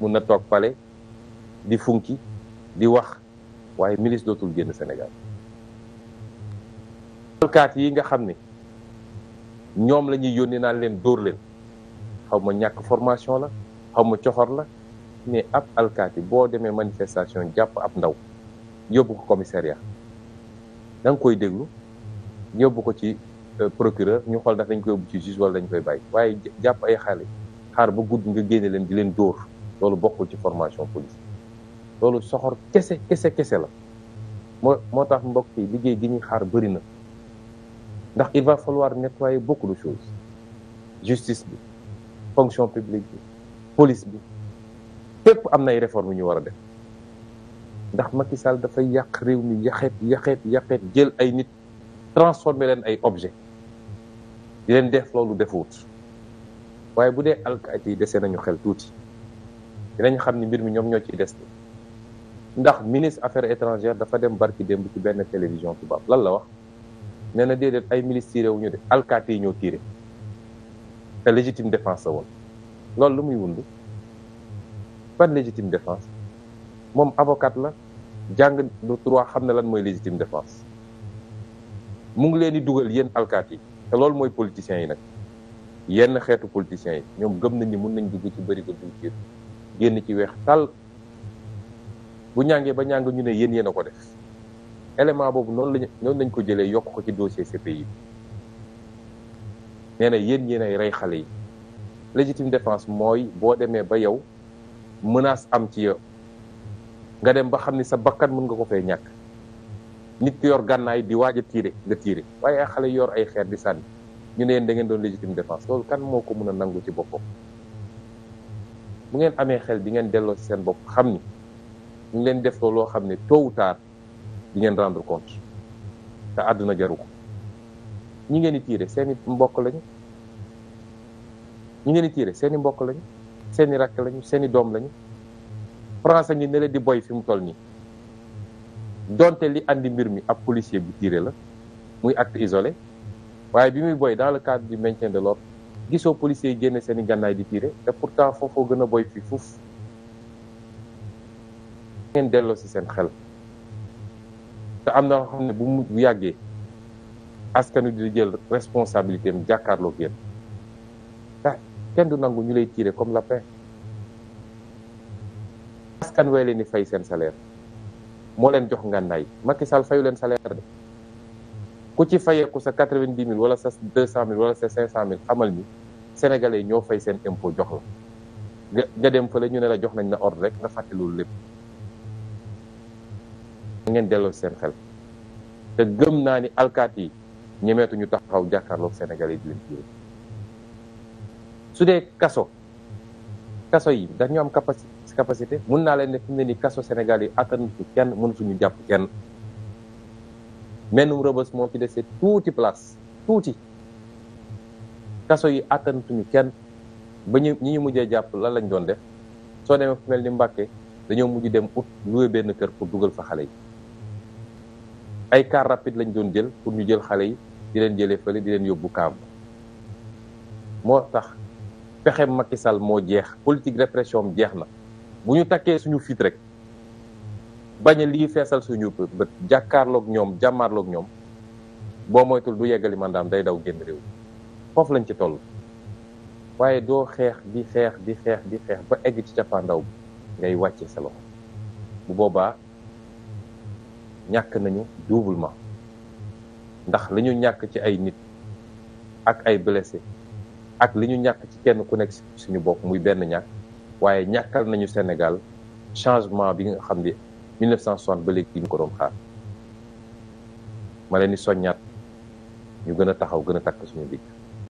mun na toog pale di funki di wax waaye ministre dootul génn Sénégal alkaat yi nga xam ni ñoom la ñuy yónni naan leen dóor leen xaw ma ñàkk formation la xaw ma coxor la mais ab alkaati boo demee manifestation jàpp ab ndaw yóbbu ko commissariat da koy déglu yóbbu ko ci euh, procureur ñu xool ndax dañ koy yóbbu ci juge wala dañ koy bàyyi waaye jàpp ay xale xaar ba gudd nga génne leen di leen dóor loolu bokkul ci formation police loolu soxor kese kese kese la moo moo tax mbokk yi liggéey gi ñuy xaar bëri na ndax il va falloir nettoyer beaucoup de justice bi fonction publique bi police bi fépp am na ay réformes yu ñu war a def ndax Macky Sall dafay yàq réew mi yaxeet yaxeet yaxeet jël ay nit transformer leen ay objet di leen def loolu defuwut waaye bu dee alkaati yi dese nañu xel tuuti dinañ xam ni mbir mi ñoom ñoo ciy des ndax ministre affaire étrangères dafa dem barki démb ci benn télévision tubaab lan la wax nee na déedéet ay milice tiré wu ñu de alkaati yi ñoo tiré te légitime défense la woon loolu lu muy wund ban légitime défense moom avocat la jàng lu droit xam ne lan mooy légitime défense mu ngi leen di dugal yéen alkaati te loolu mooy politiciens yi nag yenn xeetu politiciens yi ñoom gëm nañ ni mun nañ dugg ci bëri ko duñ génn ci weex tàll bu ñàngee ba ñàng ñu ne yéen yéen a ko def élément boobu noonu lañ noonu lañ ko jëlee yokk ko ci dossier CPI bi nee na yéen yéen ay rey xale yi légitime défense mooy boo demee ba yow mënaas am ci yow nga dem ba xam ni sa bakkan mën nga ko fee ñàkk nit yor gànnaay di waaj a tiire nga tiire waaye ay xale yor ay xeer di sànni ñu ne yéen da ngeen doon légitime défense loolu kan moo ko mën a nangu ci boppam bu ngeen amee xel di ngeen delloo ci seen bopp xam ni ñu leen def loo xam ne tôt ou tard di ngeen rendre compte te àdduna jaru ko ñi ngeen di tiire seen i mbokk lañu ñi ngeen di tiire seen i mbokk lañu seen i rakk lañu seen doom lañu France ngi ne la di boy fi mu toll nii donte li andi mbir mi ab policier bu tiire la muy acte isolé waaye bi muy boy dans le cadre du maintien de l'ordre gisoo policiers yi génne seen gànnaay di tiire te pourtant foofoo gën a boy fii fuuf ngeen delloo si seen xel te am na loo xam ne bu mu bu yàggee askan wi di jël responsabilité am jàkkaarloo yéen ndax kenn du nangu ñu lay tiire comme lapin askan way leen di fay seen salaire moo leen jox ngànnaay Macky Sall fayu leen salaire de ku ci fayeeku sa quatre-vingt-dix mille wala sa deux cent mille wala sa cinq cent mille xamal ni sénégalais ñoo fay seen impôt jox la nga nga dem fële ñu ne la jox nañ na ordre rek nga fàtte loolu lépp ngeen delloo seen xel te gëm naa ni alkaati yi ñemeetu ñu taxaw jàkkaarloog sénégalais di leen juré su dee kaso kaso yi dañu am capacité capacité mun naa leen ne ne ni kaso sénégal yi attanu ci kenn mënatuñu jàpp kenn mennum rëbës moo fi dese tuuti place tuuti kaso yi attantuñu kenn ba ñu ñi ñu mujjee jàpp lan lañ doon def soo demee fu mel ni Mbàkke dañoo mujj dem ut loué benn kër pour dugal fa xale yi ay car rapide lañ doon jël pour ñu jël xale yi di leen jëlee fële di leen yóbbu kaam moo tax pexe Macky Sall moo jeex politique répression jeex na bu ñu takkee suñu fit rek bañ a lii feesal suñu bët jàkkaarloog ñoom jàmmaarloog ñoom boo moytul du yeggali mandaam day daw génn réew foofu lañ ci toll waaye doo xeex di xeex di xeex di ba egg ci cappaandaw bi ngay wàccee sa loxo bu boobaa ñàkk nañu doublement ndax li ñu ñàkk ci ay nit ak ay blessé ak li ñu ñàkk ci kenn ku nekk suñu bopp muy benn ñàkk waaye ñàkkal nañu Sénégal changement bi nga xam ni 1960 ba léegi ñu ko doon xaar ma leen di soññaat ñu gën a taxaw gën a takk suñu digg